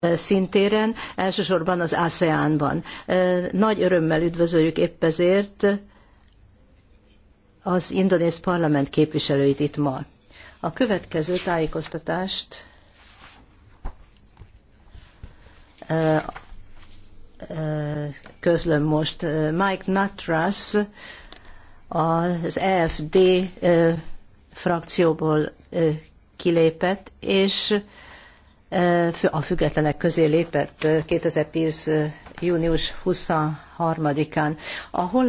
szintéren, elsősorban az ASEAN-ban. Nagy örömmel üdvözöljük épp ezért az indonéz parlament képviselőit itt ma. A következő tájékoztatást közlöm most. Mike Natras az EFD frakcióból kilépett, és a függetlenek közé lépett 2010. június 23-án. A